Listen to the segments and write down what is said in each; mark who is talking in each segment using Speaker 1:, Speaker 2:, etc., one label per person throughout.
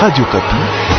Speaker 1: Radio Kapi.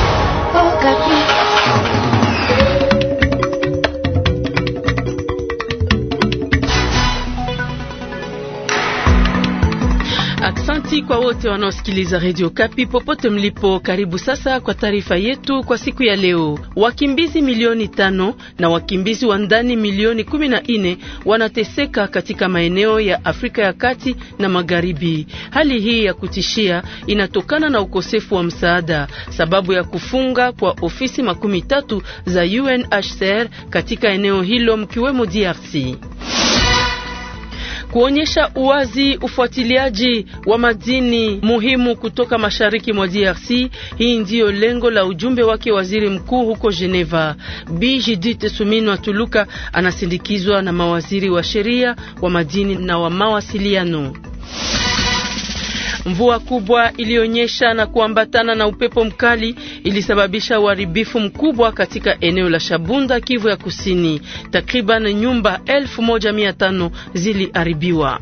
Speaker 2: kwa wote wanaosikiliza Radio Kapi popote mlipo, karibu sasa kwa taarifa yetu kwa siku ya leo. Wakimbizi milioni tano na wakimbizi wa ndani milioni kumi na nne wanateseka katika maeneo ya Afrika ya Kati na Magharibi. Hali hii ya kutishia inatokana na ukosefu wa msaada, sababu ya kufunga kwa ofisi makumi tatu za UNHCR katika eneo hilo mkiwemo DRC kuonyesha uwazi ufuatiliaji wa madini muhimu kutoka mashariki mwa DRC. Hii ndiyo lengo la ujumbe wake waziri mkuu huko Geneva. Bi Judith Suminwa Tuluka anasindikizwa na mawaziri wa sheria, wa madini na wa mawasiliano. Mvua kubwa iliyonyesha na kuambatana na upepo mkali ilisababisha uharibifu mkubwa katika eneo la Shabunda, Kivu ya Kusini. Takriban nyumba 1500 ziliharibiwa.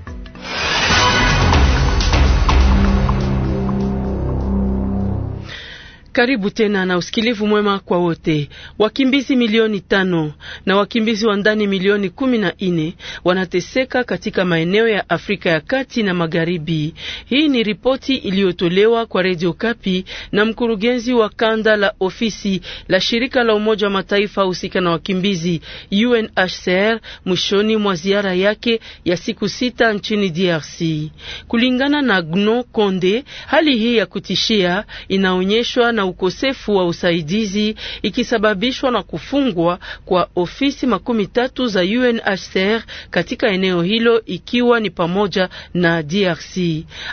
Speaker 2: Karibu tena na usikilivu mwema kwa wote. Wakimbizi milioni tano na wakimbizi wa ndani milioni kumi na nne wanateseka katika maeneo ya Afrika ya Kati na Magharibi. Hii ni ripoti iliyotolewa kwa Radio Kapi na mkurugenzi wa kanda la ofisi la shirika la Umoja wa Mataifa husika na wakimbizi UNHCR mwishoni mwa ziara yake ya siku sita nchini DRC. Kulingana na Gno Konde, hali hii ya kutishia inaonyeshwa na ukosefu wa usaidizi ikisababishwa na kufungwa kwa ofisi makumi tatu za UNHCR katika eneo hilo ikiwa ni pamoja na DRC.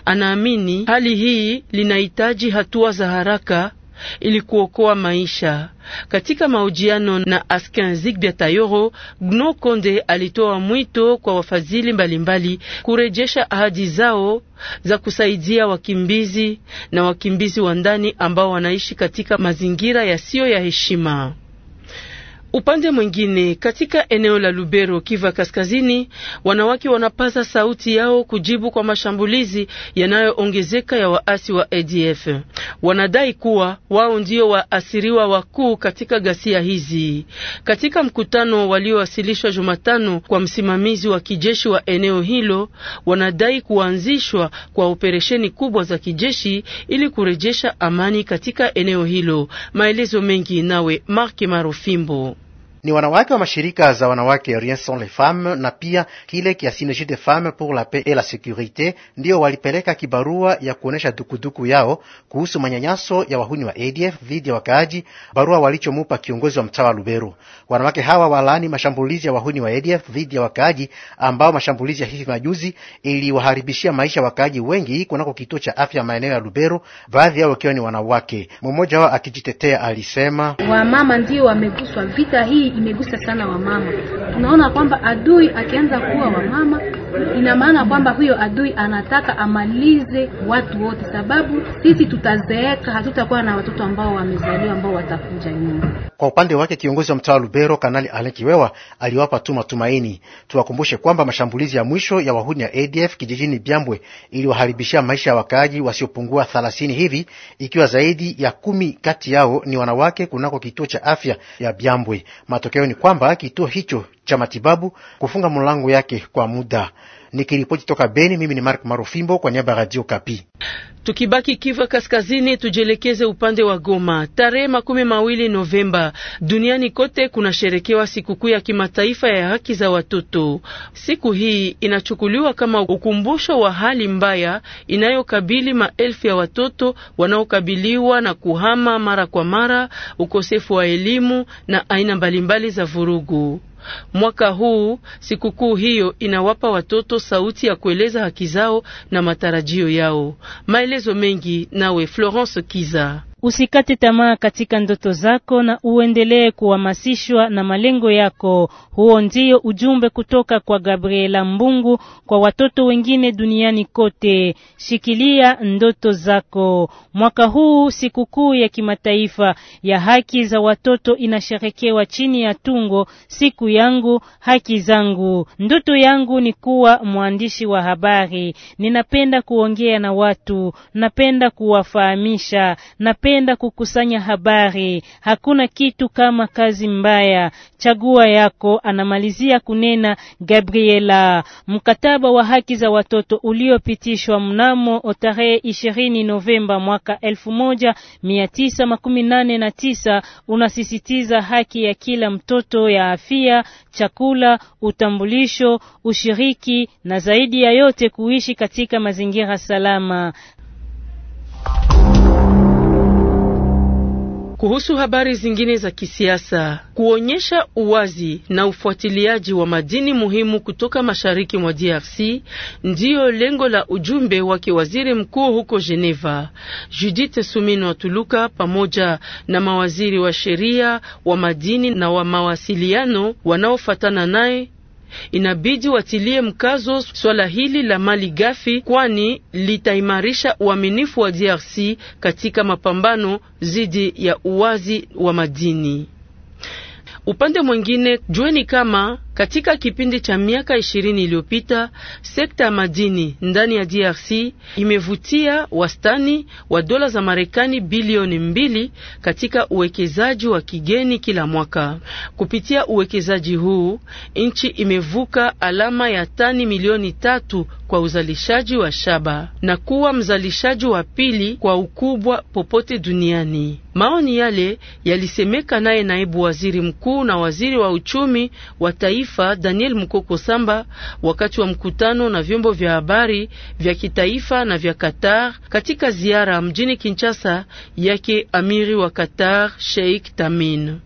Speaker 2: Anaamini hali hii linahitaji hatua za haraka ili kuokoa maisha. Katika mahojiano na Askin Zigbia Tayoro, Gno Konde alitoa mwito kwa wafadhili mbalimbali kurejesha ahadi zao za kusaidia wakimbizi na wakimbizi wa ndani ambao wanaishi katika mazingira yasiyo ya heshima. Upande mwingine katika eneo la Lubero, Kiva Kaskazini, wanawake wanapaza sauti yao kujibu kwa mashambulizi yanayoongezeka ya waasi wa ADF. Wanadai kuwa wao ndio waasiriwa wakuu katika ghasia hizi. Katika mkutano waliowasilishwa Jumatano kwa msimamizi wa kijeshi wa eneo hilo, wanadai kuanzishwa kwa operesheni kubwa za kijeshi ili kurejesha
Speaker 3: amani katika eneo hilo. Maelezo mengi nawe Mark Marofimbo ni wanawake wa mashirika za wanawake Rien Sans Les Femmes na pia kile kia Synergie des Femmes pour la Paix et la Sécurité, ndiyo walipeleka kibarua ya kuonesha dukuduku yao kuhusu manyanyaso ya wahuni wa ADF dhidi ya wakaaji, barua walichomupa kiongozi wa mtaa wa Lubero. Wanawake hawa walaani mashambulizi ya wahuni wa ADF dhidi ya wakaaji, ambao mashambulizi ya hivi majuzi iliwaharibishia maisha wakaaji wengi kunako kituo cha afya maeneo ya Lubero, baadhi yao wakiwa ni wanawake. Mmoja wao akijitetea alisema,
Speaker 4: wamama ndio wameguswa vita hii imegusa sana wamama. Tunaona kwamba adui akianza kuwa wamama Ina maana kwamba huyo adui anataka amalize watu wote, sababu sisi tutazeeka, hatutakuwa na watoto ambao wamezaliwa ambao watakuja nyuma.
Speaker 3: Kwa upande wake kiongozi wa mtaa Lubero, Kanali Alain Kiwewa aliwapa tu matumaini. Tuwakumbushe kwamba mashambulizi ya mwisho ya wahuni ya ADF kijijini Byambwe iliwaharibishia maisha ya wakaaji wasiopungua thelathini hivi, ikiwa zaidi ya kumi kati yao ni wanawake kunako kituo cha afya ya Byambwe. Matokeo ni kwamba kituo hicho cha matibabu kufunga mlango yake kwa muda. Nikiripoti toka Beni, mimi ni Mark Marufimbo kwa niaba ya Radio Kapi.
Speaker 2: Tukibaki Kivu Kaskazini, tujielekeze upande wa Goma. Tarehe makumi mawili Novemba duniani kote kunasherekewa sikukuu ya kimataifa ya haki za watoto. Siku hii inachukuliwa kama ukumbusho wa hali mbaya inayokabili maelfu ya watoto wanaokabiliwa na kuhama mara kwa mara, ukosefu wa elimu na aina mbalimbali za vurugu. Mwaka huu sikukuu hiyo inawapa watoto sauti ya kueleza haki zao na matarajio yao. Maelezo mengi nawe Florence Kiza.
Speaker 4: Usikate tamaa katika ndoto zako na uendelee kuhamasishwa na malengo yako. Huo ndio ujumbe kutoka kwa Gabriela Mbungu kwa watoto wengine duniani kote. Shikilia ndoto zako. Mwaka huu sikukuu ya kimataifa ya haki za watoto inasherekewa chini ya tungo siku yangu haki zangu. Ndoto yangu ni kuwa mwandishi wa habari. Ninapenda kuongea na watu, napenda kuwafahamisha, napenda napenda kukusanya habari. Hakuna kitu kama kazi mbaya, chagua yako, anamalizia kunena Gabriela. Mkataba wa haki za watoto uliopitishwa mnamo tarehe 20 Novemba mwaka 1989 unasisitiza haki ya kila mtoto ya afya, chakula, utambulisho, ushiriki na zaidi ya yote kuishi katika mazingira salama.
Speaker 2: Kuhusu habari zingine za kisiasa,
Speaker 4: kuonyesha
Speaker 2: uwazi na ufuatiliaji wa madini muhimu kutoka mashariki mwa DRC ndiyo lengo la ujumbe wa kiwaziri mkuu huko Geneva, Judith Suminwa Tuluka, pamoja na mawaziri wa sheria, wa madini na wa mawasiliano wanaofatana naye inabidi watilie mkazo swala hili la mali ghafi, kwani litaimarisha uaminifu wa DRC katika mapambano dhidi ya uwazi wa madini. Upande mwingine, jueni kama katika kipindi cha miaka ishirini iliyopita sekta ya madini ndani ya DRC imevutia wastani wa dola za Marekani bilioni mbili katika uwekezaji wa kigeni kila mwaka. Kupitia uwekezaji huu, nchi imevuka alama ya tani milioni tatu kwa uzalishaji wa shaba na kuwa mzalishaji wa pili kwa ukubwa popote duniani. Maoni yale yalisemeka naye naibu waziri mkuu na waziri wa uchumi wa taifa taifa Daniel Mukoko Samba wakati wa mkutano na vyombo vya habari vya kitaifa na vya Qatar katika ziara mjini Kinshasa yake amiri wa Qatar Sheikh Tamin.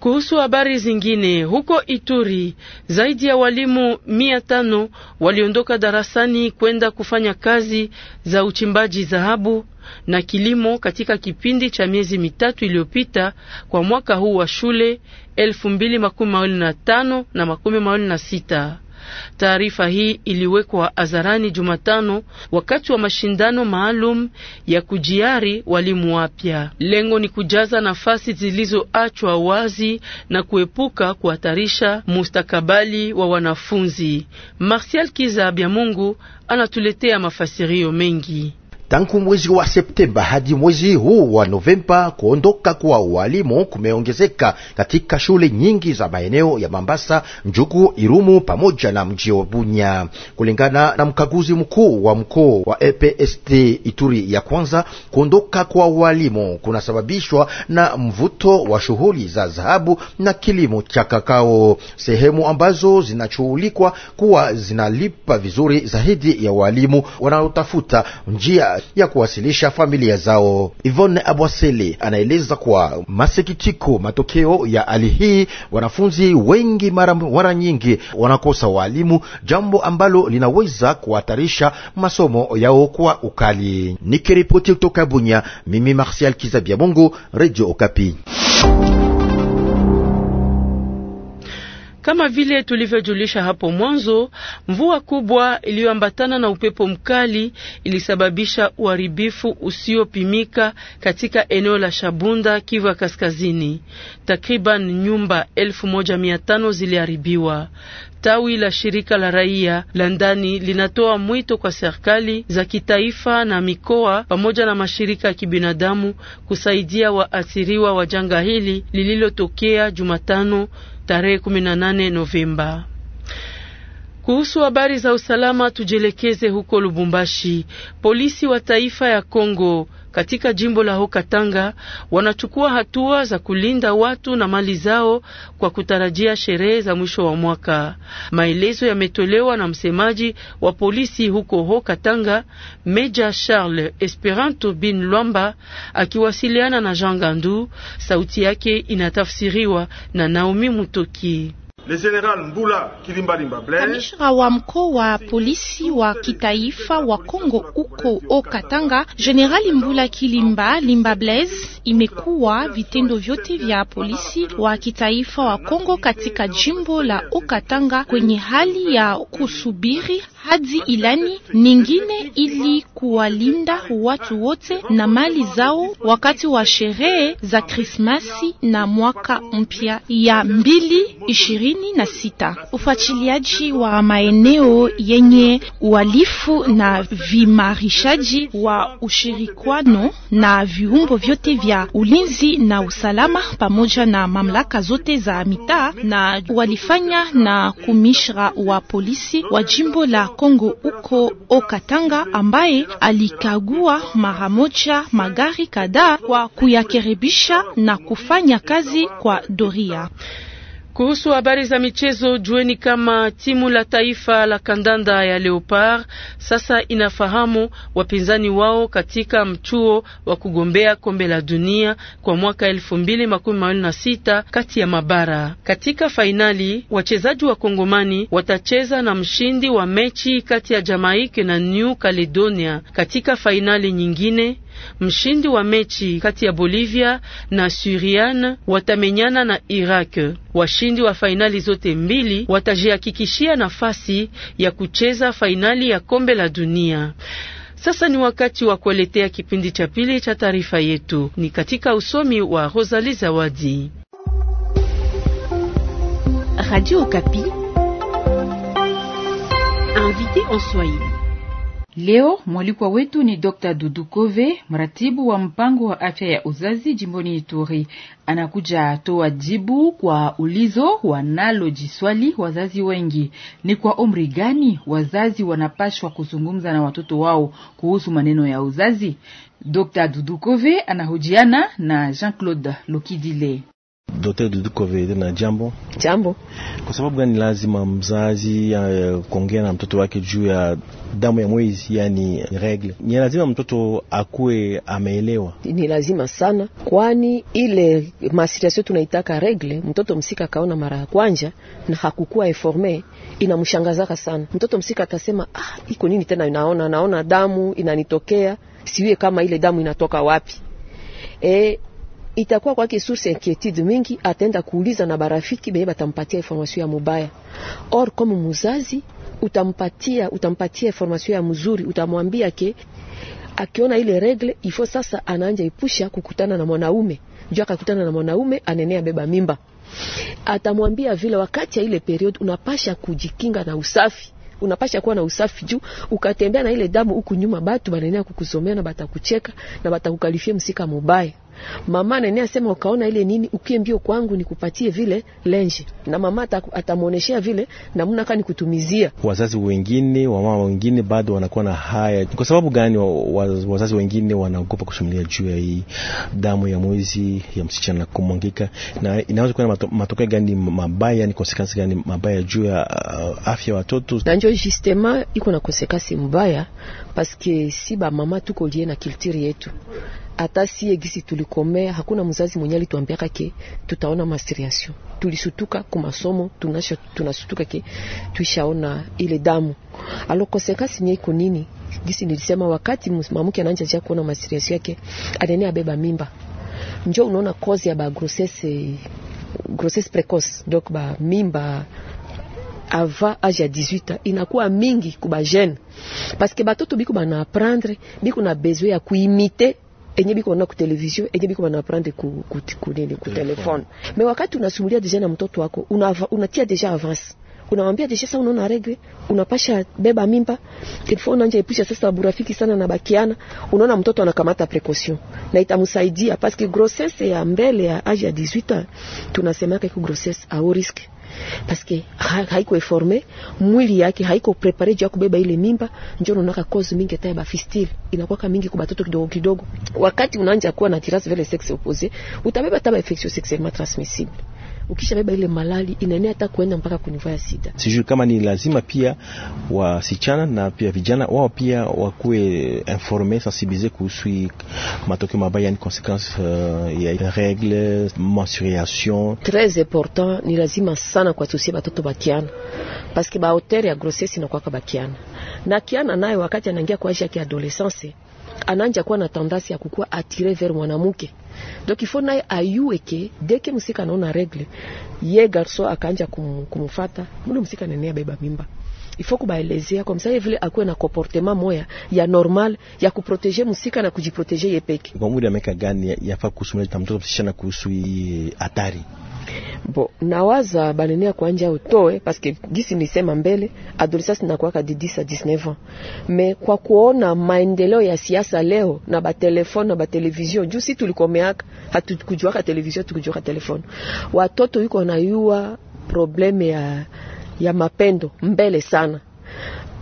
Speaker 2: Kuhusu habari zingine, huko Ituri zaidi ya walimu mia tano waliondoka darasani kwenda kufanya kazi za uchimbaji dhahabu na kilimo katika kipindi cha miezi mitatu iliyopita kwa mwaka huu wa shule elfu mbili makumi mawili na tano na makumi mawili na sita. Taarifa hii iliwekwa hadharani Jumatano wakati wa mashindano maalum ya kujiari walimu wapya. Lengo ni kujaza nafasi zilizoachwa wazi na kuepuka kuhatarisha mustakabali wa wanafunzi. Martial Kiza Byamungu anatuletea mafasirio mengi.
Speaker 3: Tangu mwezi wa Septemba hadi mwezi huu wa Novemba, kuondoka kwa walimu kumeongezeka katika shule nyingi za maeneo ya Mambasa, Njugu, Irumu pamoja na mji wa Bunya. Kulingana na mkaguzi mkuu wa mkoa wa EPST Ituri ya kwanza, kuondoka kwa walimu kunasababishwa na mvuto wa shughuli za dhahabu na kilimo cha kakao, sehemu ambazo zinachuulikwa kuwa zinalipa vizuri zaidi ya walimu wanaotafuta njia ya kuwasilisha familia zao. Yvonne Abwasele anaeleza kwa masikitiko matokeo ya hali hii, wanafunzi wengi mara, mara nyingi wanakosa walimu, jambo ambalo linaweza kuhatarisha masomo yao kwa ukali. Nikiripoti kutoka Bunya, mimi Martial Kizabia Mungu, Radio Okapi.
Speaker 2: Kama vile tulivyojulisha hapo mwanzo, mvua kubwa iliyoambatana na upepo mkali ilisababisha uharibifu usiopimika katika eneo la Shabunda, Kivu ya Kaskazini. Takriban nyumba elfu moja mia tano ziliharibiwa. Tawi la shirika la raia la ndani linatoa mwito kwa serikali za kitaifa na mikoa pamoja na mashirika ya kibinadamu kusaidia waathiriwa wa janga hili lililotokea Jumatano tarehe 18 Novemba. Kuhusu habari za usalama, tujielekeze huko Lubumbashi. Polisi wa taifa ya Kongo katika jimbo la Haut-Katanga wanachukua hatua za kulinda watu na mali zao kwa kutarajia sherehe za mwisho wa mwaka. Maelezo yametolewa na msemaji wa polisi huko Haut-Katanga, Meja Charles Esperanto Bin Lwamba, akiwasiliana na Jean Gandu. Sauti yake inatafsiriwa na Naomi Mutoki
Speaker 1: kamishra
Speaker 5: wa mkoa wa polisi wa kitaifa wa Kongo uko Okatanga, Generali Mbula Kilimba Limba Blaise, imekuwa vitendo vyote vya polisi wa kitaifa wa Kongo katika jimbo la Okatanga kwenye hali ya kusubiri hadi ilani nyingine ili kuwalinda watu wote na mali zao wakati wa sherehe za Krismasi na mwaka mpya ya mbili ishirini na sita. Ufuatiliaji wa maeneo yenye uhalifu na vimarishaji wa ushirikwano na viumbo vyote vya ulinzi na usalama pamoja na mamlaka zote za mitaa na walifanya na kumishra wa polisi wa jimbo la Kongo uko Okatanga, ambaye alikagua mara moja magari kadhaa kwa kuyakerebisha na kufanya kazi kwa doria.
Speaker 2: Kuhusu habari za michezo, jueni kama timu la taifa la kandanda ya Leopard sasa inafahamu wapinzani wao katika mchuo wa kugombea kombe la dunia kwa mwaka elfu mbili makumi mawili na sita kati ya mabara. Katika fainali, wachezaji wa Kongomani watacheza na mshindi wa mechi kati ya jamaike na New Caledonia. Katika fainali nyingine Mshindi wa mechi kati ya Bolivia na suriane watamenyana na Iraq. Washindi wa fainali zote mbili watajihakikishia nafasi ya kucheza fainali ya kombe la dunia. Sasa ni wakati wa kuletea kipindi cha pili cha taarifa yetu, ni katika usomi wa rosali Zawadi.
Speaker 6: Radio Okapi, invité en Swahili. Leo mwalikwa wetu ni Dr. Dudukove, mratibu wa mpango wa afya ya uzazi jimboni Ituri. Anakuja toa jibu kwa ulizo jiswali wazazi wengi: ni kwa umri gani wazazi wanapashwa kuzungumza na watoto wao kuhusu maneno ya uzazi? Dr. Dudukove anahojiana na Jean-Claude Lokidile.
Speaker 1: Dudu Kovede na jambo jambo. Kwa sababu gani lazima mzazi uh, kuongea na mtoto wake juu ya damu ya mwezi, yani regle? Ni lazima mtoto akuwe ameelewa,
Speaker 7: ni lazima sana, kwani ile masiriasio tunaitaka regle, mtoto msika akaona mara ya kwanja na hakukuwa informe, inamshangazaka sana mtoto msika. Atasema ah, iko nini tena? Naona naona damu inanitokea, siwe kama ile damu inatoka wapi? E, itakuwa kwake source inquietude mingi, ataenda kuuliza na barafiki beye batampatia information ya mubaya. Or kama muzazi utampatia utampatia information ya mzuri, utamwambia ke akiona ile regle ifo sasa, anaanja ipusha kukutana na mwanaume juu akakutana na mwanaume anenea beba mimba. Atamwambia vile wakati ya ile period unapasha kujikinga na usafi unapasha kuwa na usafi juu ukatembea na ile damu huku nyuma, batu banenea kukusomea na batakucheka na batakukalifia msika mubaya. Mama nene asema ukaona ile nini, ukiembio kwangu nikupatie vile lenje, na mama atamuoneshea vile namna kani kutumizia.
Speaker 1: Wazazi wengine wa mama wengine bado wanakuwa na haya. Kwa sababu gani wazazi wengine wanaogopa kushumulia juu ya hii damu ya mwezi ya msichana kumwangika, na inaweza kuwa matokeo gani mabaya, ni konsekansi gani mabaya juu ya uh, afya ya watoto,
Speaker 7: na njo sistema iko na konsekansi mbaya paske si ba mama tuko lie na kiltiri yetu hata si gisi tulikomea, hakuna mzazi mwenye alituambiaka ke tutaona mastriation. Tulisutuka kwa masomo, tunasutuka ke tuishaona ile damu alokosekasi nye iko nini. Gisi nilisema wakati mwanamke anaanza kuona mastriation yake anene abeba mimba, njo unaona cause ya ba grossesse grossesse precoce, donc ba mimba avant age ya 18 ans inakuwa mingi kuba jeune, parce que batoto biko bana apprendre biko na besoin ya kuimite enye biko na kutelevizio enye biko banaprendre ku, ku, ku, nini ku telefone. Me wakati unasimulia deja na mtoto wako unatia una deja avance unamwambia deja sasa, unaona regle unapasha beba mimba ilifo unanja epusha sasa burafiki sana na bakiana. Unaona mtoto anakamata precaution na itamsaidia parce que grossesse ya mbele ya age ya 18 ans tunasemaka iko grossesse a haut risque paske haiko eforme mwili yake haiko prepare juu ya kubeba ile mimba, njo unaka cause mingi hata ba fistile inakuwa kama mingi kwa batoto kidogo kidogo. Wakati unaanza kuwa na tirasi vile sexe opposé, utabeba taba infection sexuellement transmissible ukishabeba ile malali inaenea hata kuenda mpaka kunivua ya sita.
Speaker 1: Sijui kama ni lazima pia wasichana na pia vijana wao pia wakuwe informe sensibilize kuhusu matokeo mabaya, yani consequence uh, ya regle menstruation.
Speaker 7: Tres important, ni lazima sana kwa kuwasusia batoto bakiana paske hauteur ya grossesse inakwaka bakiana na kiana naye, wakati anaingia kwa isha ya adolescence, anaanja kuwa na tendance ya kukua atire vers mwanamke donc ifo naye ayuweke deke msika anaona regle ye garso akanja kum, kumufata mule musika nenea abeba mimba il ifo kubaelezea kwa msaya vile akuwe na komportema moya ya normal ya kuproteje musika na kujiproteje yepeke. Kwa muda ameka gani yafaa kuhusu mleta mtoto msichana kuhusu hii hatari? Bo, nawaza banenia kwanja utoe paske gisi nisema mbele adolescence nakuwaka di 10 a 19 ans me kwa kuona maendeleo ya siasa leo na batelefone na batelevizion, juu si tulikomeaka hatukujuaka televizion tukujuaka telefone, watoto yuko nayua probleme ya ya mapendo mbele sana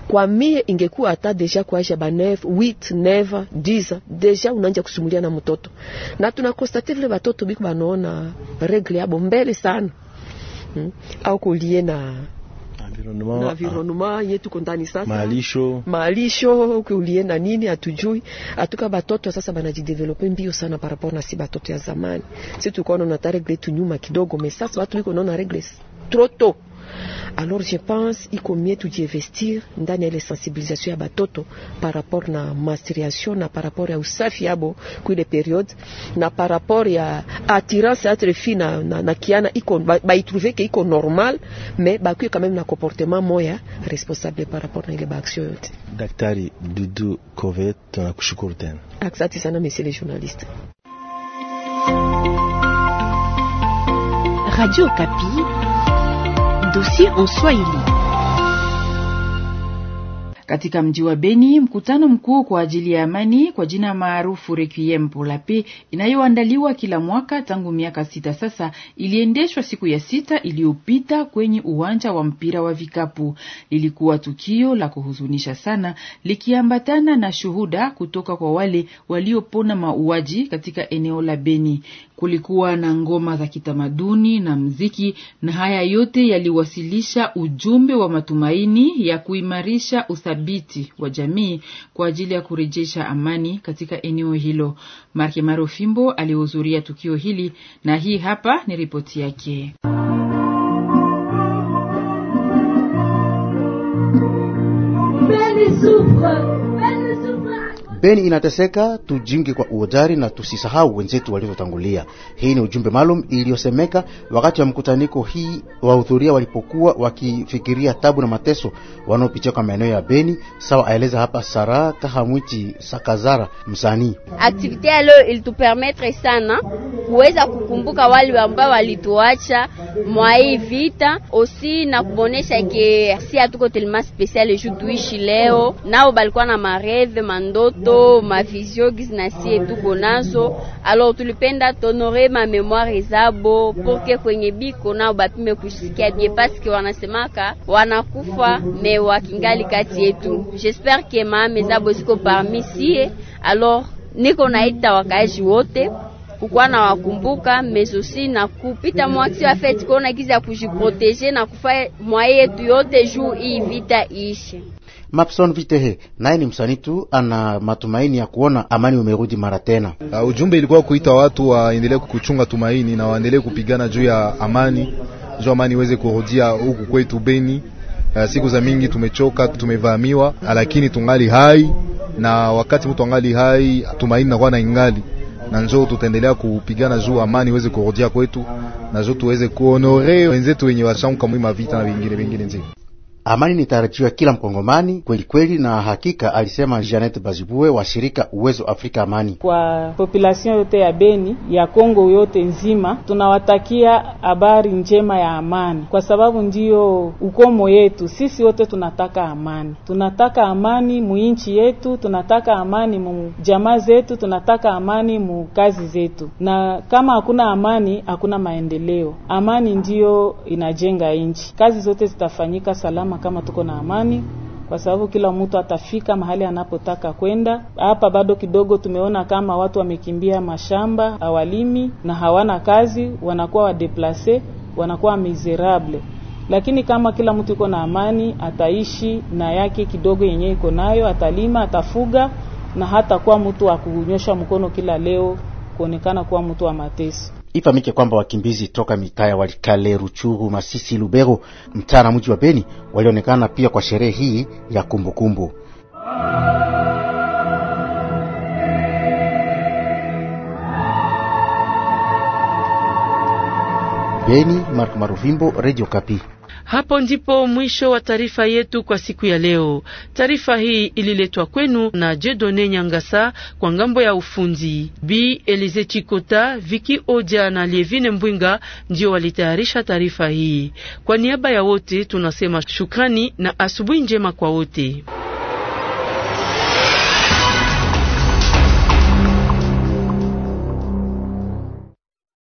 Speaker 7: kwa mie ingekuwa hata deja kwaisha ba 9 wit 9 diza deja unanja kusimulia na mtoto, na tunakonstate vile batoto biko banaona regle yabo mbele sana hmm. au kulie na environnement ah, yetu kondani sasa,
Speaker 1: malisho
Speaker 7: malisho kulie na nini atujui atuka batoto sasa banajidevelope mbio sana par rapport na si batoto ya zamani. Si tukaona na regle tu nyuma kidogo, me sasa watu biko naona regle trop tôt alors je pense iko mietu jiinvestir ndani dans ile sensibilisation ya batoto par rapport à la na par rapport à usafi yabo kuile période, na par rapport à attirance entre fille na, na, kiana iko baitrouve ke normal mais il a quand même un comportement moya responsable par rapport na ile baaction yote.
Speaker 1: Daktari Dudu Kovet, tunakushukuru tena.
Speaker 7: Asante sana monsieur les journaliste.
Speaker 5: Radio Kapi aussi en Swahili.
Speaker 6: katika mji wa Beni mkutano mkuu kwa ajili ya amani kwa jina maarufu Requiem pour la Paix inayoandaliwa kila mwaka tangu miaka sita sasa, iliendeshwa siku ya sita iliyopita kwenye uwanja wa mpira wa vikapu. Lilikuwa tukio la kuhuzunisha sana, likiambatana na shuhuda kutoka kwa wale waliopona mauaji katika eneo la Beni. Kulikuwa na ngoma za kitamaduni na mziki, na haya yote yaliwasilisha ujumbe wa matumaini ya kuimarisha usalama uthabiti wa jamii kwa ajili ya kurejesha amani katika eneo hilo. Marke fimbo alihudhuria tukio hili na hii hapa ni ripoti yake.
Speaker 3: Beni inateseka, tujingi kwa uodari na tusisahau wenzetu walivyotangulia. Hii ni ujumbe maalum iliyosemeka wakati wa mkutaniko hii, wahudhuria walipokuwa wakifikiria tabu na mateso wanaopitia kwa maeneo ya Beni. Sawa aeleza hapa Sara Kahamwiti Sakazara, msanii.
Speaker 5: Aktivite ya leo
Speaker 7: ilitupermetre sana kuweza kukumbuka wale ambao walituacha mwa hii vita osi na kubonesha ke si hatuko telema special ju tuishi leo, nao balikuwa na mareve mandoto njo mavizio gizi tuko nazo. Alors tulipenda tonore ma memoire zabo porque kwenye biko nao bapime kusikia bie, paske wanasemaka wanakufa me wakingali kati yetu. J'espere que mame zabo ziko parmi sie. Alors niko naita wakaaji wote kukwa na wakumbuka mezosi na kupita mwaksi wa feti kona gizi ya kujiproteje na kufaa mwaye yetu yote juu hii vita iishe.
Speaker 3: Mapson Vitehe naye ni msanii tu, ana matumaini ya kuona amani umerudi mara tena. Uh, ujumbe ilikuwa kuita watu waendelee kuchunga tumaini na waendelee kupigana juu ya amani, juu amani iweze kurudia huku kwetu Beni. Uh, siku za mingi tumechoka, tumevamiwa, lakini tungali hai, na wakati mtu angali hai tumaini nakuwa na ingali na njo tutaendelea kupigana juu amani iweze kurudia kwetu, na njo tuweze kuonore wenzetu wenye washamuka mwima vita na vingine vingine nzima. Amani nitarajiwa kila mkongomani kweli kweli, na hakika alisema Janet Bazibue wa shirika Uwezo Afrika Amani.
Speaker 6: Kwa population yote ya Beni ya Kongo yote nzima, tunawatakia habari njema ya amani, kwa sababu ndiyo ukomo yetu sisi wote. Tunataka amani, tunataka amani muinchi yetu, tunataka amani mu jamaa zetu, tunataka amani mu kazi zetu, na kama hakuna amani hakuna maendeleo. Amani ndiyo inajenga inchi, kazi zote zitafanyika salama kusema kama tuko na amani, kwa sababu kila mtu atafika mahali anapotaka kwenda. Hapa bado kidogo tumeona kama watu wamekimbia mashamba, hawalimi na hawana kazi, wanakuwa wadeplase, wanakuwa miserable. Lakini kama kila mtu yuko na amani, ataishi na yake kidogo yenye iko nayo, atalima, atafuga na hatakuwa mtu wa kunyosha mkono kila leo kuonekana kuwa mtu wa mateso.
Speaker 3: Ifahamike kwamba wakimbizi toka mitaya Walikale, Ruchuru, Masisi, Lubero, mtaa na mji wa Beni walionekana pia kwa sherehe hii ya kumbukumbu kumbu. Beni, Mark Maruvimbo, Radio Kapi.
Speaker 2: Hapo ndipo mwisho wa taarifa yetu kwa siku ya leo. Taarifa hii ililetwa kwenu na Jedone Nyangasa kwa ngambo ya ufundi, B Elize Chikota, Viki Oja na Lievine Mbwinga ndio walitayarisha taarifa hii. Kwa niaba ya wote tunasema shukrani na asubuhi njema kwa wote.